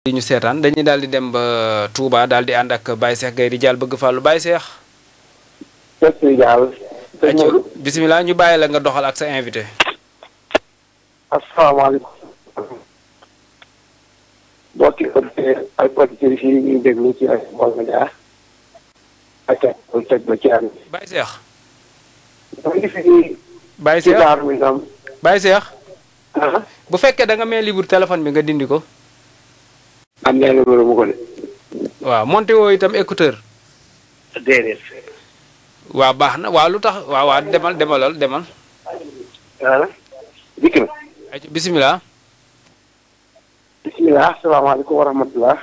di ñu seetaan dañuy daal di dem ba Touba daal di ànd ak Baye di Diall bëgg fàllu Baye bisimilah ñu bàyyi la nga doxal sa invité. asalaamaaleykum. mbokki ngi fi. bu fekkee da nga may libre téléphone bi nga dindi ko. am naa numéro mu ko de. waaw monté woo itam écouteur. déedéet. waaw baax na waaw lu tax waaw waaw demal demalal demal. voilà. dikk na. bisimilah. bisimilah salaamaaleykum wa rahmatulah.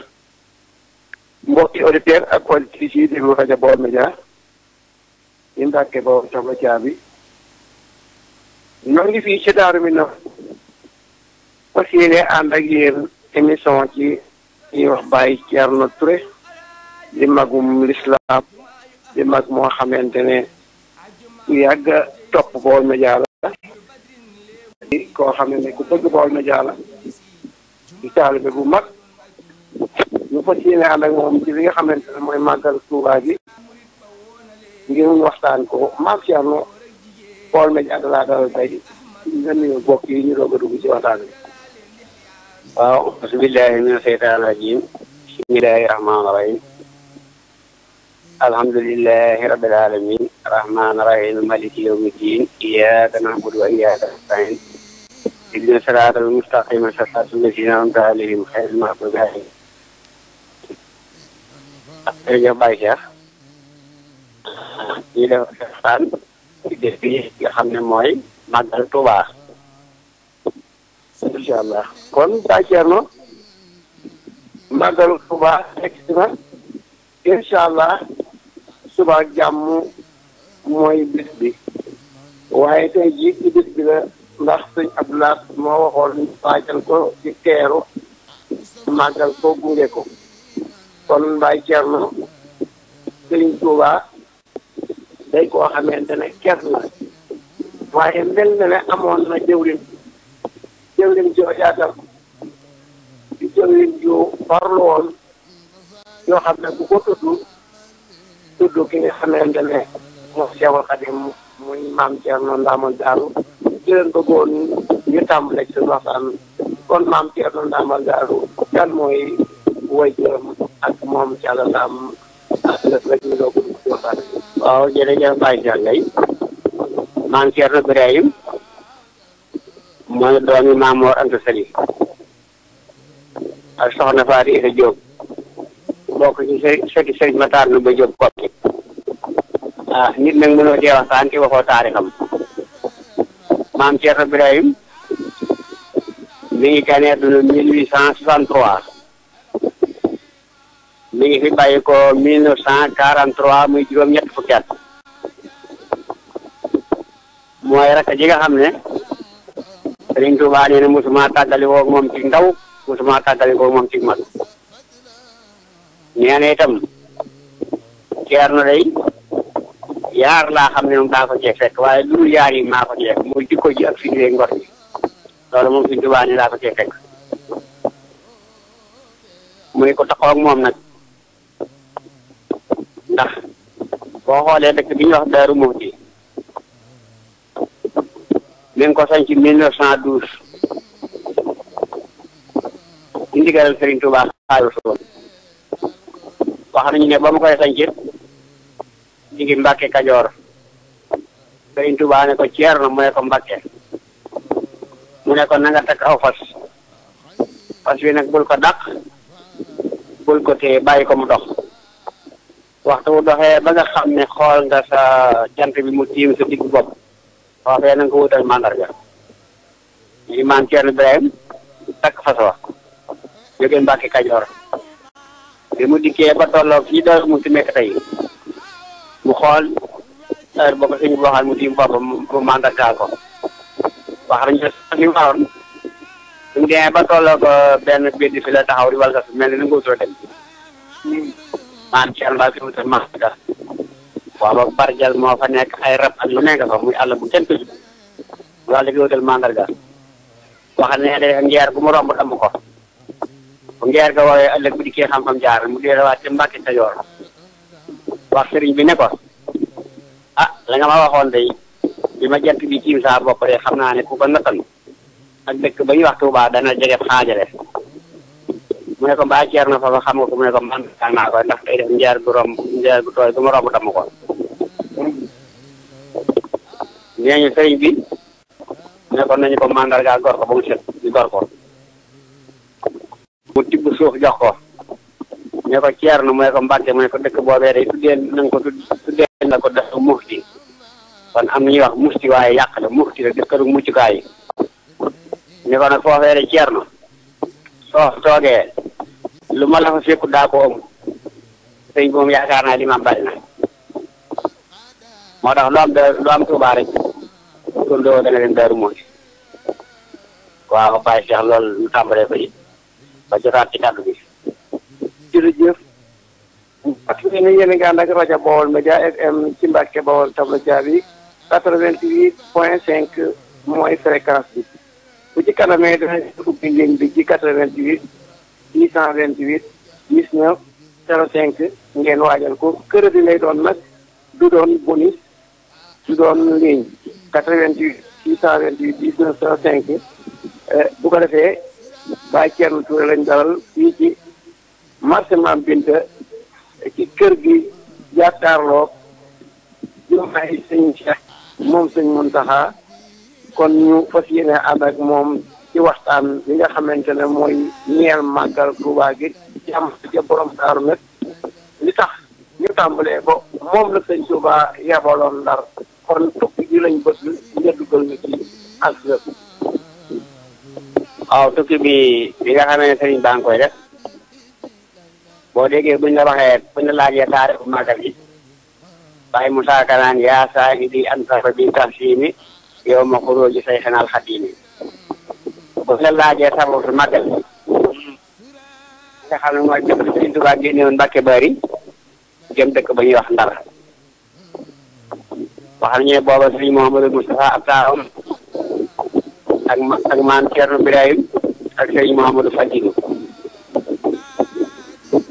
mbokki auditeurs ak auditrices yi déglu rajo Baol Média. yi Mbàkke caabi. ñoo ngi ci Daaru Minam. fas yéene ànd ak yéen émission ci. ñuy wax Baye Thierno Touré di magum lislaam di mag moo xamante ne ku yàgg a topp Baol Médias la koo xam ne ku bëgg Baol Médias la di taalibe bu mag ñu fas yéene ànd ak moom ci li nga xamante ne mooy màggal Tuubaa gi ngir waxtaan ko maam Thierno Baol Médias da laa dalal tey nga nuyu bokk yi ñu doog a dugg ci waxtaan bi waaw bismillahi mina seytaan rajim bismillahi rahmaani rahim alhamdulilahi rabbil alamin rahmaani rahim maliki yawmi din iyyaka na'budu wa iyyaka nasta'in ihdina siraatal mustaqima siraatal lazina an'amta alayhim ghayril maghdubi alayhim jërëjëf Baye Cheikh ñu def waxtaan ci def bi nga xam ne mooy màggal Tuubaa incha allah kon Baye Thierno màggal Tuuba nekk si na incha allah suba jàmm mooy bis bi waaye te jii ci bis bi la ndax sëñ Abdoulaye moo waxoon ñu waajal ko ci teeru màggal ko gunge ko kon Baye Thierno sëñ Tuuba day koo xamante ne ker la waaye mel na amoon na jëwriñ jëwriñ joo yaatal di jëwriñ ju farlu yoo xam ne bu ko tudd tudd ki nga xamante ne moom Seexul Xadim muy maam Thierno Ndamal Darou di leen bëggoon ñu tàmbale ak moom ci àll ba am ak lépp rek ñu doog a waxtaan. waaw jërëjëf Baye Ndiaye maam Thierno Birahim mooy doomi Maamoor Anta Sali ak soxna Faati Isa Jóob bokk ci sëti Sëriñ Mataar nu ba Jóob Kokki ah nit nag mënoo cee waxtaan ci waxoo taarixam maam Cerno Birahim mi ngi gane àdduna mille huit cent soixante trois mi ngi fi bàyyi ko mille neuf cent quarante trois muy juróom ñett fukki at mooy rakk ji nga xam ne Sëriñ Tuubaa nee na mosuma tàggali koog moom ci ndaw mosuma tàggali koog moom ci mag nee na itam Ceerno day yaar laa xam ne moom daa ko cee fekk waaye lu dul yaar yi maa ko cee ji ak fii ngor ji loolu moom Sëriñ Tuubaa ne ko cee fekk muy ko taxaw moom nag ndax boo xoolee dëkk bi ñuy wax Daaru Muxti mi ko sanc 1912 ci ndigalal Serigne Touba Xaadimu Rasuul wax nañu ne ba mu koy sanc ñu ngi Mbàkke Kajoor Serigne Touba ne ko Ceerno mu ne ko Mbàkke mu ne ko na nga takk aw fas fas nag bul ko dàq bul ko téye bàyyi ko mu dox waxtu wu doxee ba nga xam ne xool nga sa jant bi mu tiim sa digg bopp soo xëyee na nga ko wutal mandarga lii maam Thierno Ibrahima takk fas wa jóge Kajoor bi mu dikkee ba tolloo fii Daaru Muxti nekk tey mu xool heure boo ko sëñ bi waxal mu tiim boppam mu mandargaal ko wax nañu ne li mu waroon su mu demee ba tolloo uh, benn bidd fi la taxaw di walka mel ni na nga dem maam Thierno fi wutal mandarga waaw ba barjal moo fa nekk ay rab ak lu nekk fa muy àll bu kenn tëju loolu da koy wutal mandarga wax ne de ngeer bu mu romb damm ko bu ngeer ga woowee ëllëg bu dikkee xam-xam jaar mu delluwaat ci Mbàkke Kajoor wax sëriñ bi ne ko ah la nga ma waxoon day bi ma jant bi tiim saa bopp de xam naa ne ku ko nattan ak dëkk ba ñuy wax Tuubaa dana jege xaajale mu ne ko mbaa ceer na fa xam nga ko mu ne ko mbaa misaal naa ko ndax day def njaar gu romb njaar gu tooy gu ma romb damm mu ko. mu tibb suuf jox ko. ne ko ceer na mu ko mbàkke mu ko dëkk boobee day tuddee na ko tuddee na ko def mufti kon am na ñuy wax mufti waaye yàq la mufti la dëkkaru muccukaay yi. ne ko nag foofee de ceer na soo toogee lu ma la fa fekku daa ko amul sëñ yaakaar naa li ma bari moo tax lu am lu am Tuubaa rek kon doo dana leen daaru waaw Baye Cheikh lool ñu tàmbalee ko ba jotaat ci kàddu gi. jërëjëf. parce que ñu yéen a ngi ànd ak rajo Baol Média FM ci Mbàkke Baol Tabla Diaby 88 point cinq mooy fréquence bi bu ci kanamee dafay ubbi ligne bi ci 88. 828 19 05 ngeen waajal ko crédit lay doon nag du doon bonus du doon ligne 88 828 19 05 bu ko defee Baye Thierno Touré lañ dalal fii ci marché Mame Binta ci kër gi jàkkaarloo jumaay sëñ Cheikh moom sëñ Mountakha kon ñu fas yéene moom ci waxtaan bi nga xamante ne mooy ñeel màggal Tuubaa gi jàmm ja borom daaru nag li tax ñu tàmbalee ko moom la sëñ Tuubaa yebaloon ndar kon tukki ji lañ bëgg nga dugal na ci ak lépp. tukki bi bi nga xamee ne sëriñ koy def boo déggee buñ la waxee buñ la laajee taarixu màggal gi bàyyi Moussa Kanaan yaa saa indi an safa bi tafsimi yow ma xuróoji say xenal xatiimi bu la laajee sangu màggal nga xam ne mooy jëm Sëriñ Tuubaa génne woon Bari jëm dëkk ba ñuy wax Ndar waxal ñu ne booba Sëriñ Mouhamadou Moustapha ab taawam ak ak maam Thierno Birahim ak Sëriñ Mouhamadou Fadilou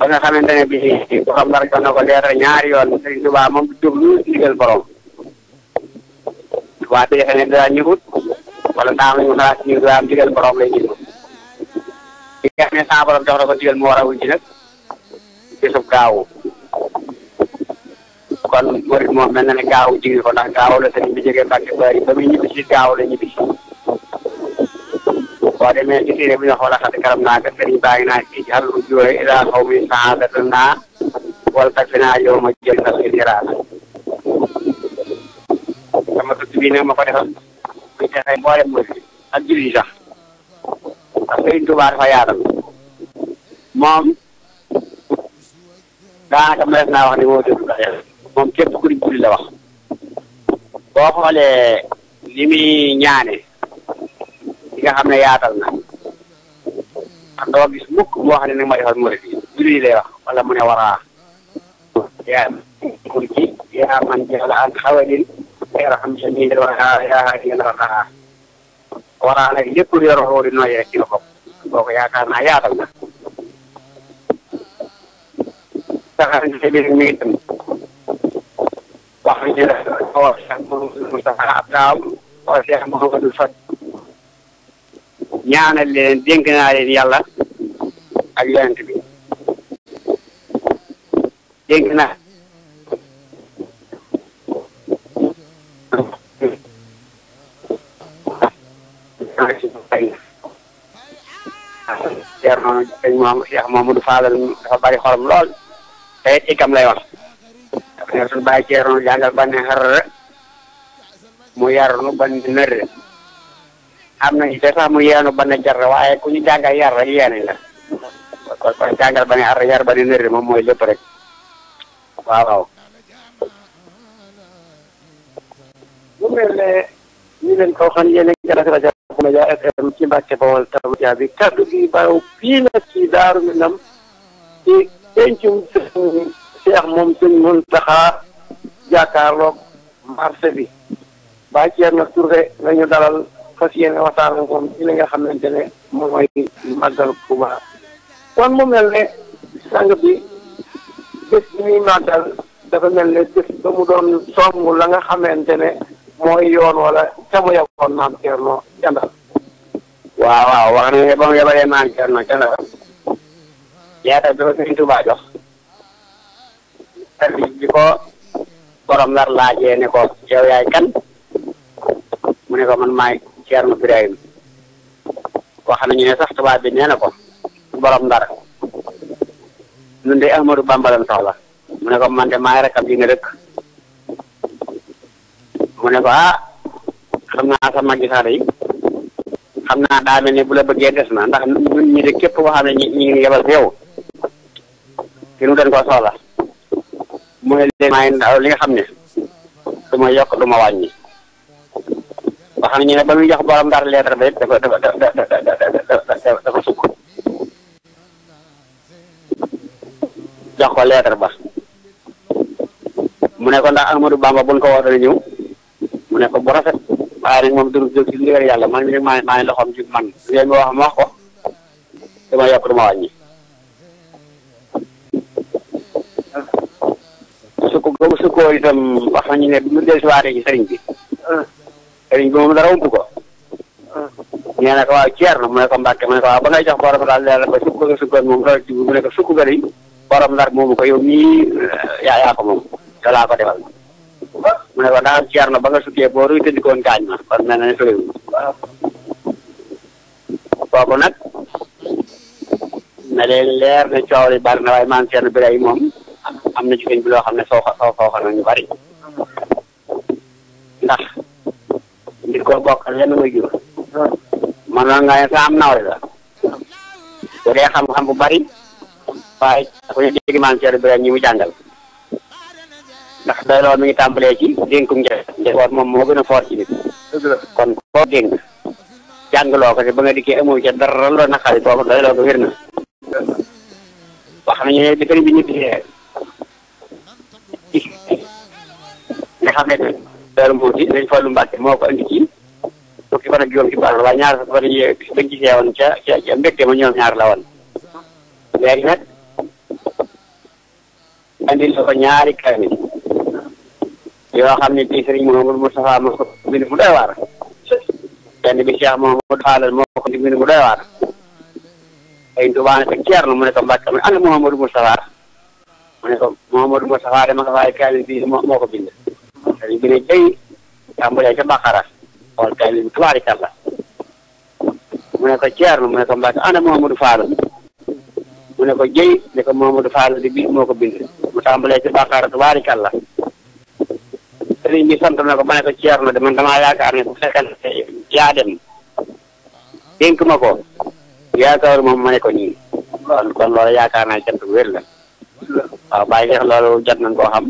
ba nga xamante ne bi si bu xam ndar jox na ko leer ñaar yoon Sëriñ Tuubaa moom du jublu borom waa bi defe ne dara ñëwut wala ndaam lañu xalaat ci ñun am digal lay déglu li saa borom jox na mu war a wuñ ci gaawu kon murit moom mel na ne gaawu jigéen ko ndax gaawu la sëriñ bi jógee Mbàkke Bari ba muy ñibbi gaawu la ñibbi boo demee ci téere naa ka sëriñ baa naa ci xalu jooy ilaa xaw mi na fi sama ma ko defal di fexe mboolem wërsëg ak jur yi sax ndax Sëriñ Tuubaa dafa yaatal moom daanaka mënees naa wax ne woo déglu ndax yàlla moom képp ku di julli la wax boo xoolee li muy ñaane li nga xam ne yaatal na ndax doo gis mukk mu wax ne nag ma defal murid yi julli lay wax wala mu ne waraa yaa man ci yaa an xawalin eratan samiida wala ilaha illa allah wala nag ngi dem wax ñu la xam sëñ moom Cheikh Mamadou Fadal dafa bari xorom lool te it ikam lay wax dafa ne suñu bàyyi ceeroon jàngal ba ne xar mu ba ne nër am nañu te sax mu yeenu ba jar waaye ku ñu jàngal yar jàngal ba ne yar ba ne moom mooy lépp rek waaw waaw. mel ne ñu leen ko xam yéen jarata rajo Média FM ci Mbàkke Bawol Tarbiya bi kaddu gi fii nag ci Daaru Minam ci pencum sëñ Cheikh moom sëñ Muntaxa jàkkaarloog marché bi Baye Thierno Touré la ñu dalal fas yéene waxtaan ak moom ci li nga xamante ne moom mooy màggal Tuuba kon mu mel ne sang bi bés muy màggal dafa mel ne bés ba mu doon somb la nga xamante ne mooy yoon wala ca mu yeboon maam Thierno ca Ndar. waaw waaw wax nañ ne ba mu yebalee maam Thierno ca Ndar yaakaar bi ko Sëriñ Tuubaa jox. te ko borom Ndar laajee ne ko yow yaay kan mu ne ko man maay Thierno Birahim wax nañu ne sax tubaab bi nee na ko borom Ndar ñun de Amadou Bamba lañ soxla mu ne ko man de maay rakab yi nga dëkk. mu ne ko ah xam naa sa magisaar yi xam naa daa ne bu la bëggee des na ndax ñun de képp koo ne ñi ñu ngi yebal yow te ko soxla mu ne leen maay li nga xam ne du ma yokk du ma wàññi ba xam ne ñu ne ba muy jox borom ndar lettre ba dafa dafa dafa sukk jox ko lettre ba mu ne ko ndax Amadou Bamba buñ ko wax dana ñëw mu ne ko bu rafet waaye nag moom dërub jóg ci ndigal yàlla man mi ne maa maa ngi loxoom ci man ngeen ma wax dama yokk dama wàññi sukk boobu sukkoo itam wax nañu ne bi mu del moom dara ump ko nee na waaw ceer na mu ne ko mbàkke mu ne ko waaw ba ngay jox borom daal leer ba sukk nga sukkoon moom dara jiw mu ne ko sukk nga day borom ndar ko yow mii yaa moom te laa ko defal mu ne ko daal Thierno ba nga sukkee boo ruy tëddikoon gaañ ma kon mel na ne soriwul nag na leen leer ne coow li bari na waaye maam Thierno Birahim moom am na ci sëñ bi loo xam ne soo soo foofa na ñu bari ndax nit koo bokkal lenn muy jur man nga ne sa nawle la bu dee xam-xam bu bari waaye ku ñu mu jàngal ndax doyloo mi ngi tàmbalee ci dénkum njaboot moom moo gën a foor ci nit kon koo dénk jàngloo ko te ba nga dikkee amoo ca dara loo naqari kooku na wax nañu ne bi sëriñ bi ñu gisee nga xam ne Daaru Muxti dañ Fallu Mbàkke moo ko andi ci fukki fan ak juróom ci baax la ñaar fan yi bañ gisee woon ca ca mbégte ma ñoom ñaar la woon léegi nag andil ko ñaari kaamil yoo xam ne bii Serigne Mouhamadou Moustapha moo ko bind mu doy waar benn bi Cheikh Mouhamadou Fallal moo ko bind mu doy waar Sëriñ Tuubaa ne ko Ceerno mu ne ko Mbàkke mu ne ana Mouhamadou Moustapha mu ne ko Mouhamadou Moustapha dama ko fay kaamil bii moo ko bind Sëriñ bi ne jëy tàmbalee ca Baqara xool kaamil bi tabaarikalla mu ne ko Ceerno mu ne ko Mbàkke ana Mouhamadou Fallal mu ne ko jëy ne ko Mouhamadou Fallal di bii moo ko bind mu tàmbalee ca Baqara tabaarikalla sëriñ sant na ko ma ne ko ceer na de man damaa yaakaar ne bu fekkante yaa ma ko yaakaar moom ma ko nii kon kon loolu yaakaar naa jant bu wér la waaw bàyyi xeex loolu jot nañ koo xam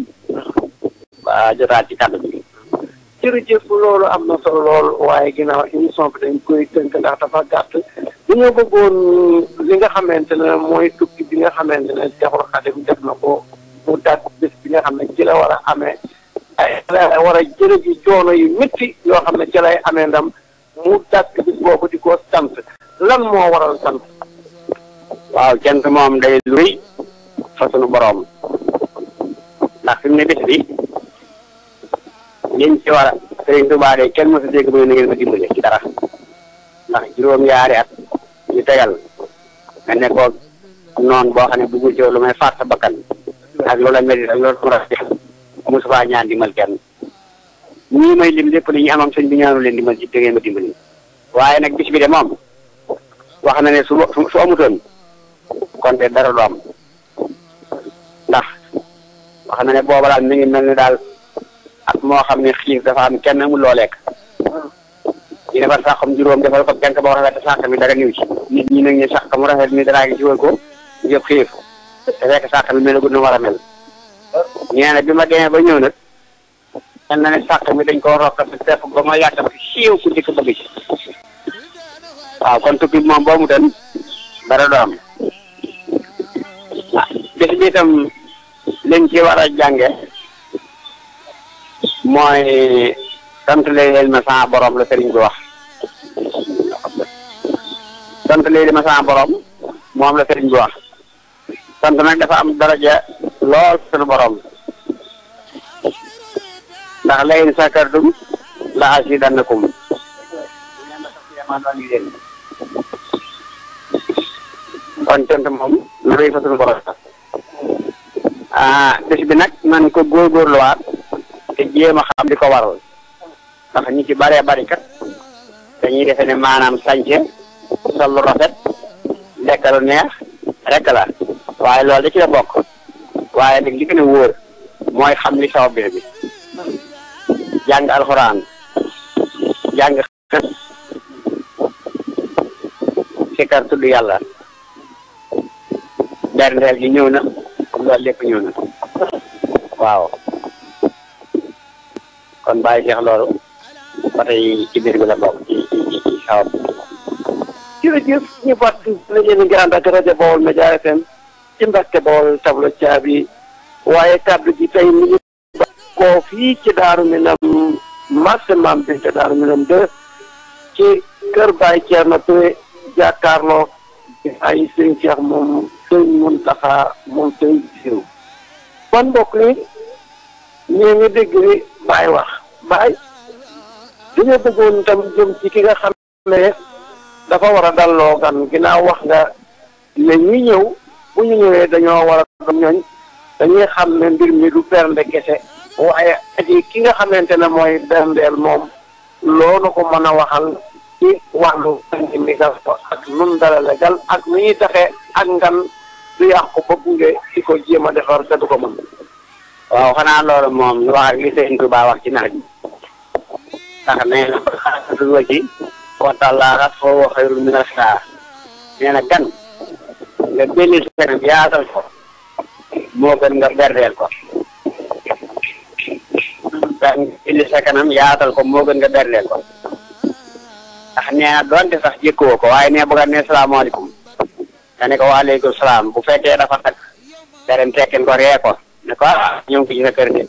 ba jotaat ci kàddu bi jërëjëf loolu am na solo lool waaye ginnaaw émission dañ koy tënk ndax dafa gàtt dañoo bëggoon li nga xamante ne mooy tukki bi nga xamante ne Seexul Xadim def na ko mu dàq bés bi nga xam ne ci la war a amee ay war a jële ji coono yu métti yoo xam ne ca lay amee ndam mu dàkk bis boobu di ko sant lan moo waral sant waaw cant moom day lu rëy fa sunu boroom ndax fi mu ne bés bi liñ ci war a Sëriñ Tuubaa de kenn mësu dégg mu ne na ngeen ma dimbale ci dara ndax juróom-ñaari at ñu tegal nga nekkoon noonu boo xam ne bëggul ci lu may faat sa bakkan ak loola métti ak loola mu mosu faa ñaan dimbal kenn ñii may lim lépp li ñu amam sëñ bi ñaanu leen dimbal ci da ngeen ma dimbali waaye nag bis bi de moom wax na ne su su amutoon kon de dara doom ndax wax na ne booba daal mi ngi mel ni daal ak moo xam ne xiif dafa am kenn amul loo lekk ñu defar saxam juróom defal ko kenn ba rafet sax mi dara nit ñi nag ñu mu rafet ni daraa ngi ci ko ñu jëpp xiif te fekk sax mi melagut na war a mel nee na bi ma demee ba ñëw nag mel na ne sàq mi dañ ko rokk si tepp ba ma yàttam siiw ku dikk bëgg ci waaw kon tukki moom boo mu ten dara du am ah, ci war a jànge mooy sant leen ma sama borom la sëriñ bi wax sant leen ma sama boroom moom la sëriñ bi wax sant nag dafa am daraja lool suñu borom ndax la in sakartum la azidannakum kon cant moom lu ah, bi nag nan ko góorgóorluwaat te jéem a xam di ko waral ndax ñi ci bëree bëri kat dañuy defe ne maanaam sànce sol lu rafet lekk lu neex rek la waaye loolu da ci la bokk waaye nag li gën a wóor mooy xam li sabab bi jàng alxuraan jàng xës sikar tudd yàlla berndeel gi ñëw na loolu lépp ñëw na waaw kon bàyyi seex loolu ba tey biir bi la bokk ci ci ci sabab jërëjëf ñu bokk na leen grand ak rajo Baol Média FM ci Mbàkke Bawol tablo caabi waaye kàddu gi tey mi ngi koo fii ci Daaru Minam marché Maam Binta Daaru ci kër Baye Thierno Touré jàkkaarloo ay sëñ Cheikh moom sëñ Muntaxa moom sëñ Jiw kon mbokk yi ñu ngi dégg ni Baye wax Baye dañoo bëggoon tam jëm ci ki nga xam ne dafa war a dalloo gan ginnaaw wax nga ne ñi ñëw bu ñu ñëwee dañoo war a dañuy xam ne mbir mi du bernde kese waaye aji ki nga xamante ne mooy berndeel moom loolu ko mën a waxal ci wàllu andi mi gal ak nun dala la ak nu ñuy taxee ak ngan du yàq ko bëgg nga ci ko jéem a defar te du ko mën waaw xanaa loolu moom lu wax li Sëriñ Tuubaa wax ci naaj bi ndax nee ci waxtaan laa xas gan nga génne sa kanam yaatal ko moo gën nga berdeel ko moo gën nga berdeel ko ndax nee doonte sax jëkkoo ko waaye nee bu nga nee salaamaaleykum ne ko waaleykum salaam bu fekkee dafa xat nga dem ko ree ko ne ko ah ñëw ngi ci sa kër gi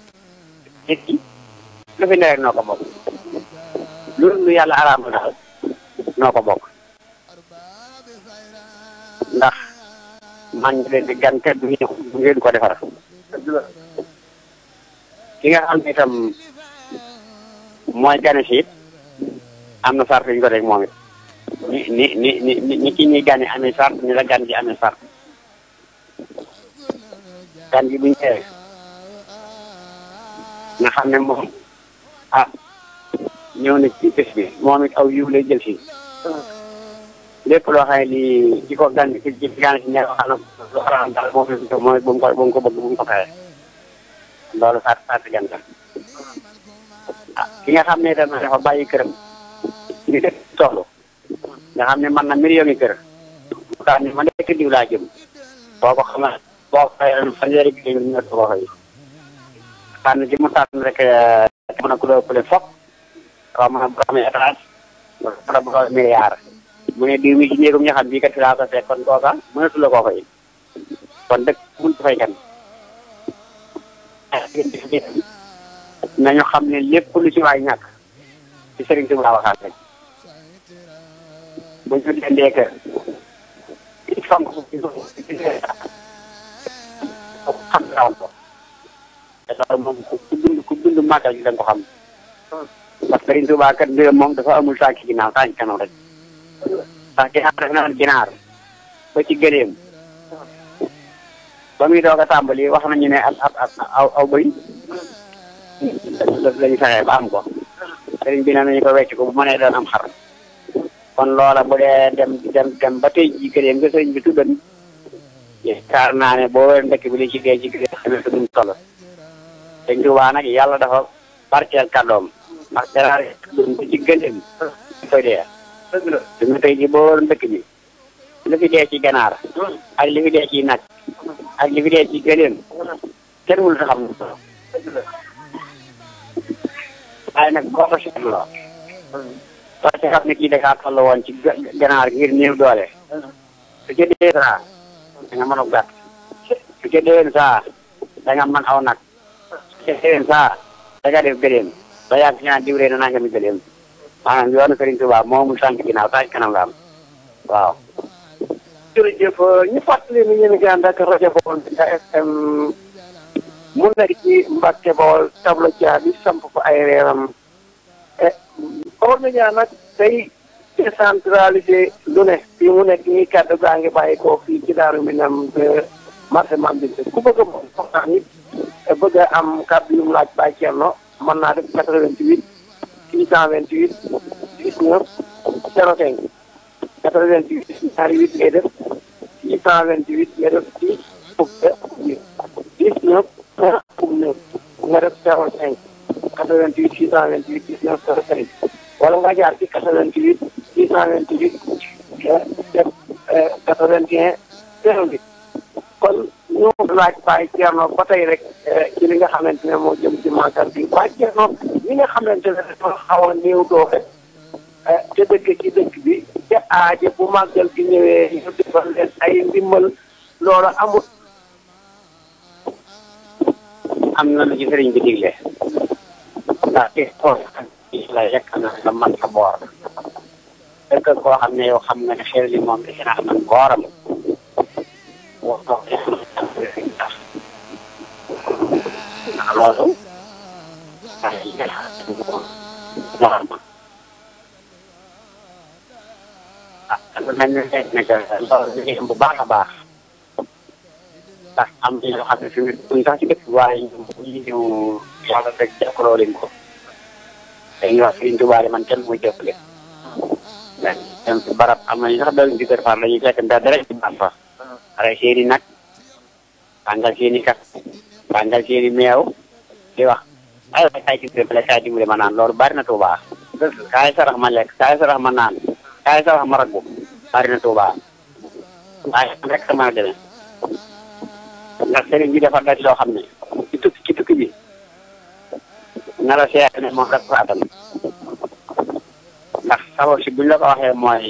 lu fi ne rek noo ko bokk loolu lu yàlla araamal daal noo ko bokk ndax maa ngi leen di gan te du ngeen ko defar. ki nga xam ne tam mooy gane si am na sart yu ñu ko moom it. ni ni ni ni ni ki ñuy gane amee sart ni la gan gi amee sart. gan gi bu ñu teewee nga xam ne moom ah ñëw na ci bés bi moom it aw lay jël si. lépp loo xam ne lii gan ci ci gan ci bu mu ko bu mu ko bëgg bu mu ko xewee loolu faat faat gan la ah, ki nga xam ne itam dafa bàyyi këram di def nga xam ne man na million yi bu tax ne ma nekk diw laa boo ko xamal boo fayoon fanweeri bi ñu nekk boo xëy tànn mu tànn rek euh, mën a ku doon fop xaw ma bu amee étage wala bu mu ne diw mi ci néegum ña xam bii kat fi laa ko fekk kon kooka mënatu la koo fay kon dëkk mënut fay kan nañu xam ne lépp lu ci waay ñàkk ci sëriñ Tuubaa waxaat rek xam ko xam daawoon ko loolu moom ku dund ku dund màggal ko xam parce que sëriñ Tuubaa kat mbiram moom dafa amul tànk ginnaaw tànk kanam rek ndax ginaar na woon ba ci gëléem ba muy doog a tàmbali wax nañu ne ab ab aw aw bëy ba ko sëriñ bi ne nañu ko wecc ko bu mënee doon am xar kon loola bu dee dem dem dem ba tey ji gëléem bi tuddan yaakaar naa ne boo wér ndekk bi li ci dee ci gëléem xamee ko duñ toll sëñ Tuubaa nag yàlla dafa barkeel kàddoom ndax daraar tuddum ko ci gëléem koy dee dëgg la su ma tey jii boo waroon dëkk bi li fi dee ci ganaar ak li fi dee ci nag ak li fi dee ci gëléem kenn wul saxam lu solo waaye nag boo ko seetloo parce que xam ne kii dakaa toll woon ci ganaar ngir néew doole su ca dee saa da nga mën a gàtt su ca déwén saa da nga mën aw nag su ca déwén saa da nga def gëléem ba yàgg ñaan diwree na nangami gëléem maanaam yoonu Serigne Touba moomu sànq ginnaaw sànq kanam la am waaw. ñu fàttali ni ñu ngi ànd ak rajo Baol Média FM mu nekk ci Mbacke Baol tableau Dia bi samp fa ay reeram e Baol Média nag day décentralisé lu ne fii mu nekk nii kàddu gaa ngi bàyyi ko fii ci Daaru Minam de marché Mambinte ku bëgg moom xam naa ni bëgg a am kàddu yu mu laaj bàyyi mën naa 628 19 05 88 ñaari 8 ngay def 628 nga def 10 fukk 19 1 fukk 9 nga def 05 88 628 19 05 wala nga jaar ci 88 628 def 81 08 kon ñu laaj Baye Thierno ba tey rek eh, ci li nga xamante ne moo jëm ci màggal bi Baye Thierno li nga xamante ne dafa xaw a néew doole te eh, dëkk ay ndimbal loola amul. am na lu ci sëriñ bi xam ne yow xam ne xel li moom dina am ak booram. waxtaan ci suñu loolu mel ni tey nag loolu ñu bu baax a baax ndax am na ñoo xam ne fi mu buñ sax ci dëkk waaye ñoom bu ñu ñëw yàlla rek jàppaloo leen ko dañuy wax Sëriñ Tuubaa man kenn muy jàppale. ndax kenn barab am na ñu sax dañuy di defar dañuy fekk ndax dara baax fa. rey seeni nag tàngal seeni kak tàngal seeni meew di wax ay waay kaay ma naan loolu bari na Tuubaa kaay sarax ma lekk kaay sarax ma naan kaay sarax ma raggu bari na Tuubaa waaye am rek sama a ndax sëriñ bi dafa daj xam ne ci tukki ci tukki bi na moom rek ko ndax sabab si buñ la waxee mooy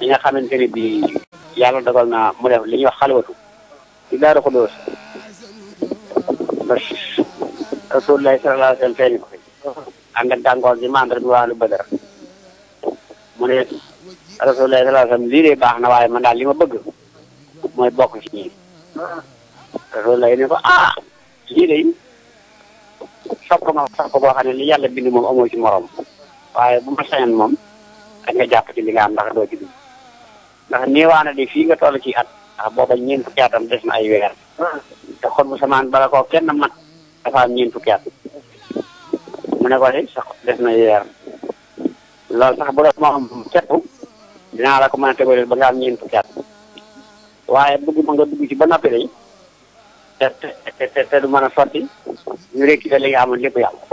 li nga xamante ne bii yàlla dogal naa mu def li ñuy wax xalwatu ci Daaru Xuddoos ba Rasulullah sallallahu alayhi wa sallam feeñu ko fi ànd ak gàngoor gi mandar bi waa lu Badar mu na waaye man daal li ma mooy bokk ci ñii Rasulullah ne ko ah lii de sopp nga sopp boo xam ne li yàlla bind moom amoo ci morom waaye bu ma moom da nga jàpp ci li nga am ndax doo ci dugg ndax néewaana de fii nga toll ci at ndax booba ñeent fukki atam des na ay weer te xol bu samaan bala koo kenn mat dafa am ñeent mu ne ko de des na weer loolu sax bu doon moom képp dinaa la ko ba nga am ñeent waaye bëgg ma nga dugg ci ba noppi day te te du mën a sotti ñu rekki la li nga amoon lépp yàlla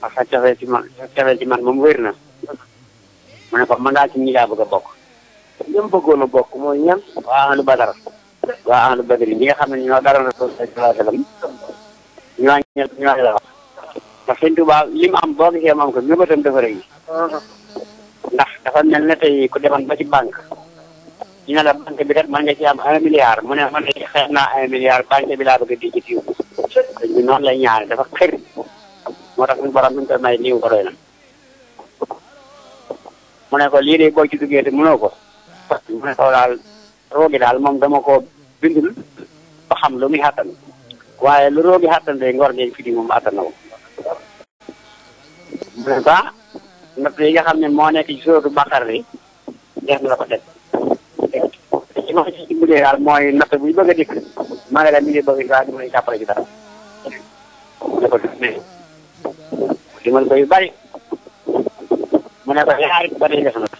parce que cofee ci man cofee ci man wér na mu ne ko man ngaa ci ñi laa bëgg a bokk ñoom bëggoon a bokk mooy ñan waa ba badar waa ahlu badar ñi nga xam ne ñoo dara rasul sallallahu alayhi wa sallam ñoo ñoo ñoo la wax ndax li mu am boo gisee moom ko ñëbatam dafa ndax dafa mel ne tey ku demoon ba ci banque ñu ne la banque bi kat mën nga ci am un milliard mu ne man de xeex naa un milliard bi laa bëgg a di ci tiw sëñ bi noonu lay ñaane dafa xër moo tax may niw ko doy na mu ne ko lii de boo ci duggee te mënoo ko parce que mu ne ko daal roogi daal moom dama ko bindul ba xam lu muy xàttan waaye lu roogi xàttan de ngor ngeen fi di moom àttan na ko mu yi nga xam ne moo nekk ci sóotu Bàqara yi def na la ko teg ci ma mooy natt buy bëgg a dikk maa ngi la mi daal di mën a ne ko yu bari mu ne ko yaari ba tey def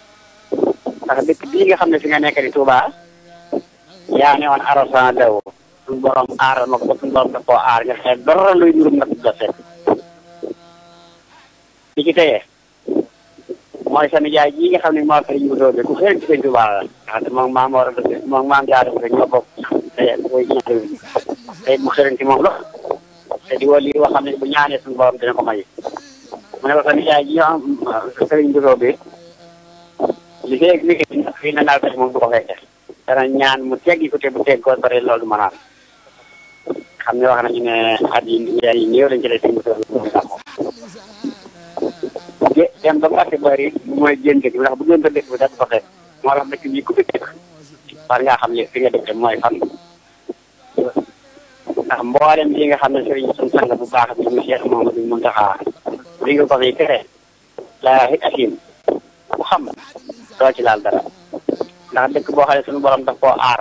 ndax dëkk bii nga xam ne fi nga nekk di Touba yaa ne woon arrosant daw suñu borom aar ma ko suñu borom da koo aar nga xeeb dara luy nurum nag la fekk li ci teye mooy sama jaay ji nga xam ne moo fay ñu doole ku xëy ci Sëñ Touba la ndax moom maam war a dëkk moom maam jaara ko ñoo bokk mu xëy ci moom la te di wàllu yoo xam ne bu ñaanee suñu borom dina ko may mu ne ko sama jaay ji sëriñ bi li feeg mi ngi fii na naal moom du ko fekke dana ñaan mu teggi ko te bu teg ko bare loolu mën naa xam ne wax nañu ne at yi néew lañ ci lay tënk dem ba mu àtte bari mooy génn dëkk bi ndax bu génn dëkk bi da ko xeex moo tax dëkk bi ku fi dëkk war ngaa xam ne fi nga dëkk mooy fan ndax mboolem li nga xam ne sëriñ suñu sang bu baax bi mu Cheikh Mouhamadou Mountakha li nga ko fi tere laa asim ku xam doo ci laal dara ndax dëkk boo xam ne suñu borom daf koo aar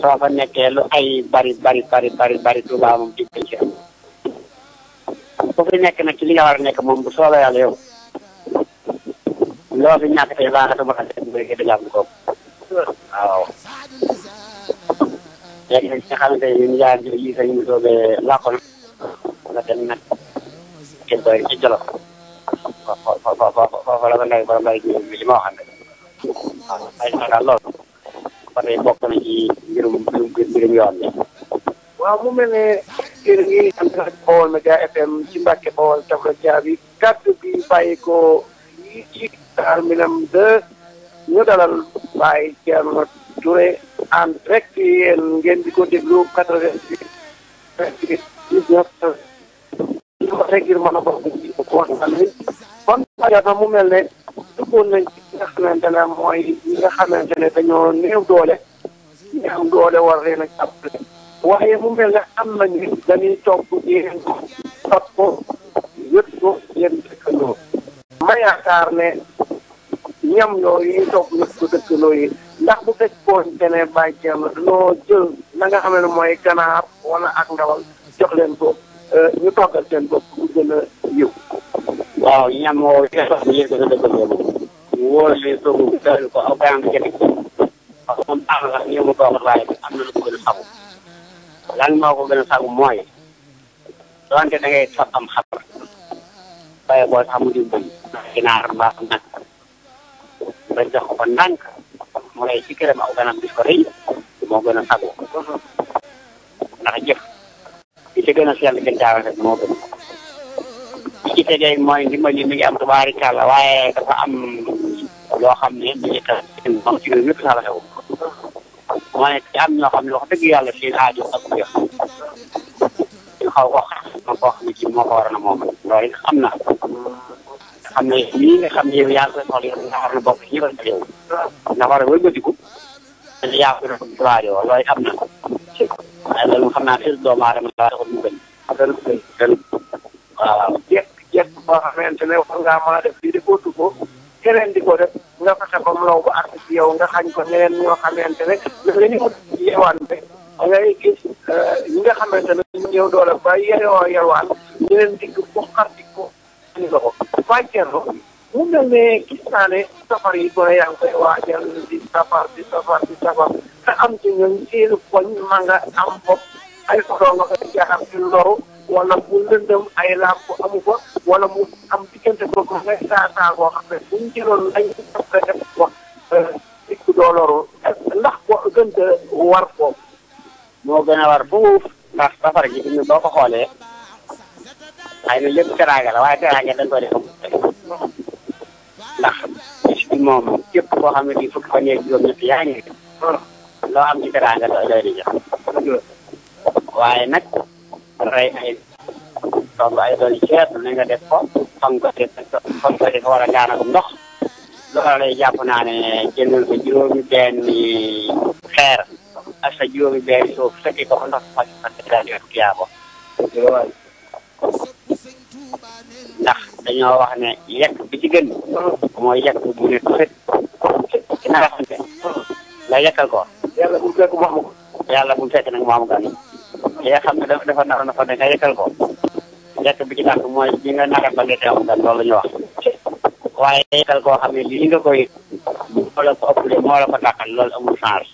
soo fa nekkee lu ay bari bari bari bari bari Tuubaa moom digg ci am ku fi nekk nag ci li nga war a nekk moom bu soobee yàlla yow loo fi ñàkk tey baax na ma xam ne mooy gën a jàmm kooku waaw. léegi nag nga xamante na nga dem foofu foofu foofu la ma waxoon rek ay na daal loolu bokk na ci mbirum mbirum yoon bi. mu mel ne yéen a ngi FM ci Mbàkke Baol Tafra Jaabi kàddu bi bàyyi ko ci Daaru Minam de ñu dalal Baye Thierno Touré en direct yéen ko déglu 88 19 ñu ko rek ngir mën a bokk ci bon na mu mel ne duggoon nañ ci mooy ñi nga xamante ne dañoo néew doole néew doole war leen a mu mel ne am nañ ni dañuy topp yéen tot dëkkandoo ma yaakaar ne ñam yooyu yi topp yët ko dëkkandoo yi ndax bu fekkoon te ne bàyyi ceeb la dañoo jël na nga xam ne mooy ganaar wala ak ndawal jox leen ko euh, ñu toggal seen bopp bu gën a yiw waaw ñam woo yéen a ngi ko dëkk boobu. a ko aw kayam jënd wax moom baax na ko gën a sagu. lan a sagu mooy donte da ngay fab am xar waaye boo sax mu jublu ginaar jox ko mu rey ci këram aw ko rëy moo gën a sagu jëf li ci gën a sell gën jaawale moo gën. li ci tegee mooy ndimbal yi mi ngi am tubaarikàlla waaye dafa am loo xam ne bu ñu tax moom ci réew yëpp sax la xew moo ne ci am ñoo xam ne wax dëgg yàlla seen aajo ak wéex ñu xaw ko xam koo xam ne ci moo ko war a na moom loolu xam na xam ne lii nga xam ne yow yaa ngi koy soxla yow nga xam ne bokk ci ñëpp yow nga war a wëlbatiku yaa ko def tubaaroo loolu am na waaye loolu xam naa doomu aadama laa taxul mu gën waaw boo xamante ne war ngaa mën a def lii di ko dugg keneen di ko def nga fexe ba mu law ba àgg yow nga xañ ko ñeneen ñoo xamante ne nga ñu ko bi eh, ñi nga xamante ne ñu ñëw doole ba yerewoo yerwaan ñu leen digg bu xar di ko ñu loxo bàyceerlo mu mel ne gis naa ne safar yi gone yaa ngi koy waajal di safar di safar te am ci ñoom seeni poñ ma nga am bopp ay oto nga koy jaxar ci loru wala bu lëndëm ay làmp amu ko wala mu am diggante boobu ngay euh, ndax ko gën a war foofu. moo gën a war foofu ndax safar gi ñu boo ko xoolee xëy na lépp teraanga la waaye teraanga dañ ko def ndax bis moom képp koo xam ne bii fukki ko yeeg juróom-ñett yaa ngi loo am ci teraanga doy di jox waaye nag rey loolu ay doy ceeb na nga def ko fa ko def fa nga ko def wala naa ne jëndal ko juróomi benn xeer ak sa juróomi ndax dañoo wax ne yekk bi ci gën mooy yekk bu ne fet ci yekkal ko yàlla bu fekk nag mu na nga yekkal ko lekk bi ci dàq mooy li nga naka ba nga teew gan loolu la ñu wax waaye yekkal koo xam ne lii nga koy moo la ko ëppale moo la ko dàqal loolu amul change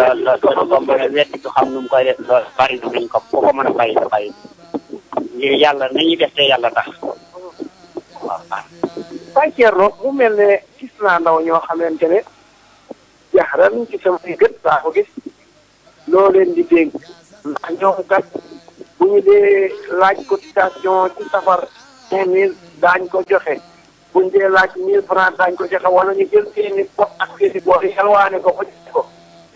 loolu loolu ko mën a weddi ko xam loolu na nañ ko ku ko mën a bàyyi sa bàyyi ngir yàlla nañuy def te yàlla tax mu mel ne gis naa ndaw ñoo xamante ne jaxran ci samay gët saa ko gis loo leen di dégg ñoom kat bu ñu dee laaj cotisation ci safar cinq mille daañ ko joxe bu ñu dee laaj mille francs daañ ko joxe wala ñu jël seeni bopp ak seeni bopp yi xelwaane ko ko jox ko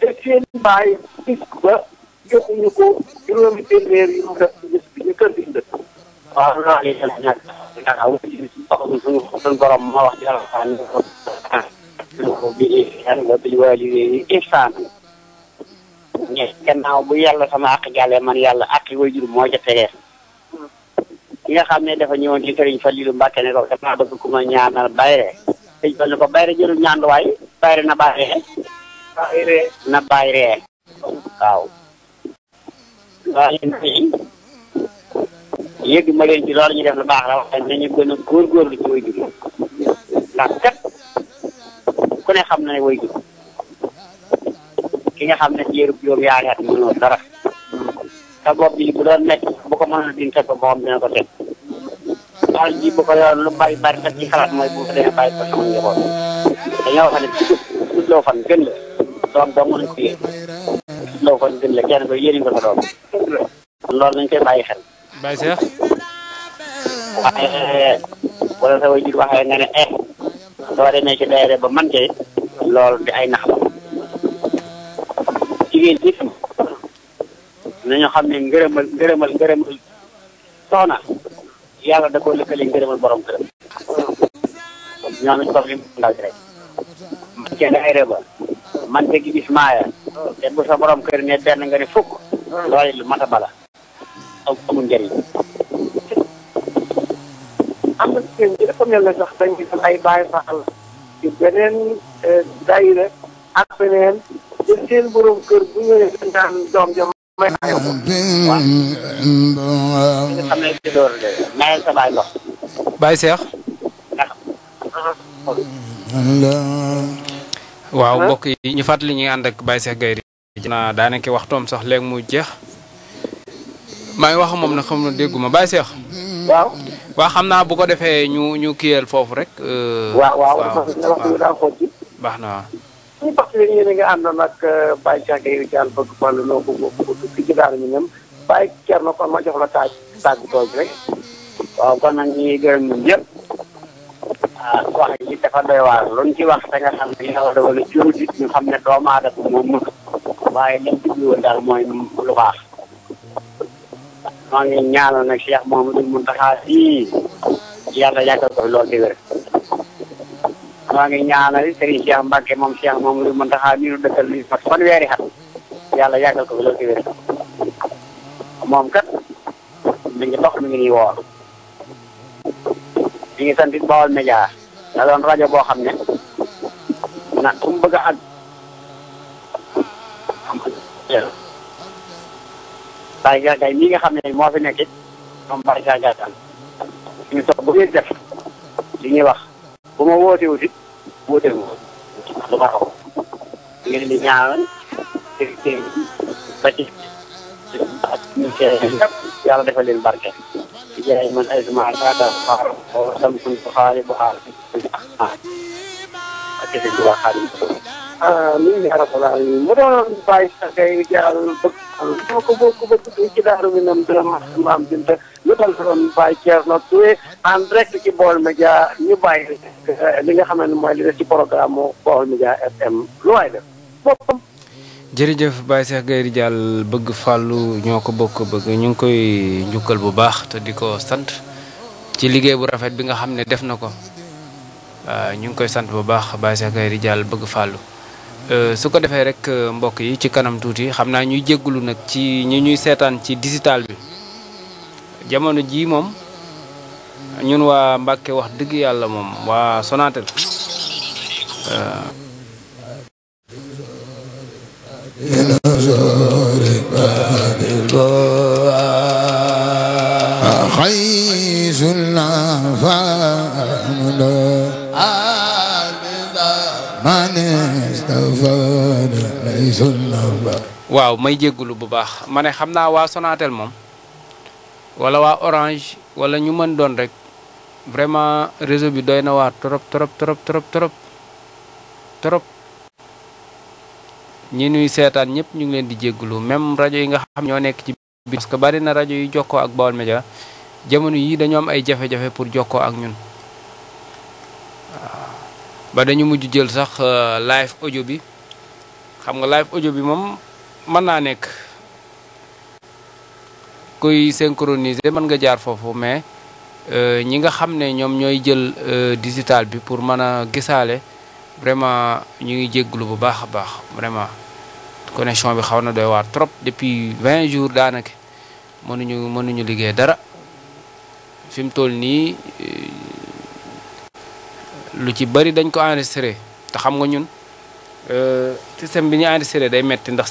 te seen bàyyi gis ba joxuñu ko juróomi téeméer yu mu def ci gis bi ñu kër gi dëkk waaw naa leen yàlla ñàkk waaw wax suñu suñu borom ma wax ci alxuraan ah, bi ihsaan mais gannaaw bu yàlla sama àq jàllee man yàlla àq yi waajur moo ca tegee. ki nga xam ne dafa ñëwoon ci sëriñ Falilu Mbàkke ne ko damaa bëgg ne ko bayre jërul ñaan waay bayre na bayree. na bayree. waaw. waaye nag yëg ma leen ci loolu ñu def lu baax la wax nañu gën a góorgóorlu ci waajur ndax kat ku ne xam ne waajur ki nga xam ne diiru juróom-ñaari at mënoo dara sa bopp bi sa ko teg ko yoon lu bari bari sax ci xalaat mooy bu ko demee bàyyi ko sama njaboot dañoo wax ne guddloo fan gën la eh, nga ne eh soo demee ci daayira ba man de loolu di ay nax jigéen ñi tam nañu xam ne ngërëmal ngërëmal ngërëmal soxna yàlla da koo lëkkale ngërëmal borom këram ñoo xam ne soxli ndaw rek man ceen ay rëba man te gi ismaaya te bu sa borom beneen eh, daayira ak beneen seen borom waaw nga xam ne mbokk yi ñu fàttali ñu ngi ànd ak Baye Cheikh Gaye na daanaka waxtoom sax léegi mu jeex maa ngi wax moom na xam na dégguma Baye Cheikh waaw xam naa bu ko defee ñu ñu foofu rek euh, waaw baax na suñu parti bi yéen a ngi àndoon ak euh, Baye Cheikh Gueye Thial bëgg wàllu noo ko ko kon ma jox la taaj tàggu tool bi rek. waaw kon nag ñu ngi gërëm ñun yëpp ah wax ji dafa doy waar luñ ci wax da nga xam ne yow da wala jurut it ñu xam ne doomu aadama moom mën waaye liñ jubluwoon daal mooy lu baax. maa ngi ñaanal nag Cheikh Mouhamadou Mountakha fii yàlla yàggal ko lool di wér. maa ngi ñaanal Serigne Cheikh Mbacke moom Cheikh ko fi loolu ci wér moom kat mi ngi dox mi ngi nii woor mi ngi sant it Baol Média da doon rajo boo xam ne na ku bëgg a àgg Baye Gargaye mii nga moo fi nekk boo déggoo lu ma xaw ngeen di ñaanal kër kër ba ci ak ministère yi yëpp yàlla defal leen barke ci jaay man ay xaar boo sam kun xaar ak amiin yaa rabbal aalamiin mu doon bàyyi sax day jaal bëgg li nga xam ne jërëjëf Baye Cheikh Gaye Diall bëgg fàllu ñoo ko bokk bëgg ñu ngi koy njukkal bu baax te di ko sant ci liggéey bu rafet bi nga xam ne def na ko ah, ñu ngi koy sant bu baax Baye Cheikh Gaye Diall bëgg fàllu Euh, su ko defee rek euh, mbokk yi ci kanam tuuti xam naa ñuy jéggulu nag ci ñi ñuy seetaan ci digital bi jamono jii moom ñun waa mbakke wax dëgg yàlla moom waa Sonatel euh. waaw may jéggulu bu baax ma ne xam naa waa Sonatel moom wala waa Orange wala ñu mën doon rek vraiment réseau bi doy na waar trop trop trop trop trop trop ñi nuy seetaan ñëpp ñu ngi leen di jéggulu même rajo yi nga xam ñoo nekk ci biir parce que bari na rajo yi jokkoo ak Baol Média jamono yi dañoo am ay jafe-jafe pour jokkoo ak ñun ba dañu mujj jël sax euh, live audio bi xam nga live audio bi moom mën naa nekk kuy synchroniser mën nga jaar foofu mais euh, ñi nga xam ne ñoom ñooy jël euh, digital bi pour mën a gisaale vraiment ñu ngi jégglu bu baax a baax vraiment connexion bi xaw na doy waar trop depuis vingt jours daanaka mënuñu mënuñu liggéey dara fi toll nii lu ci bëri dañ ko enregistré te xam nga ñun euh, système bi ñu enregistré day metti ndax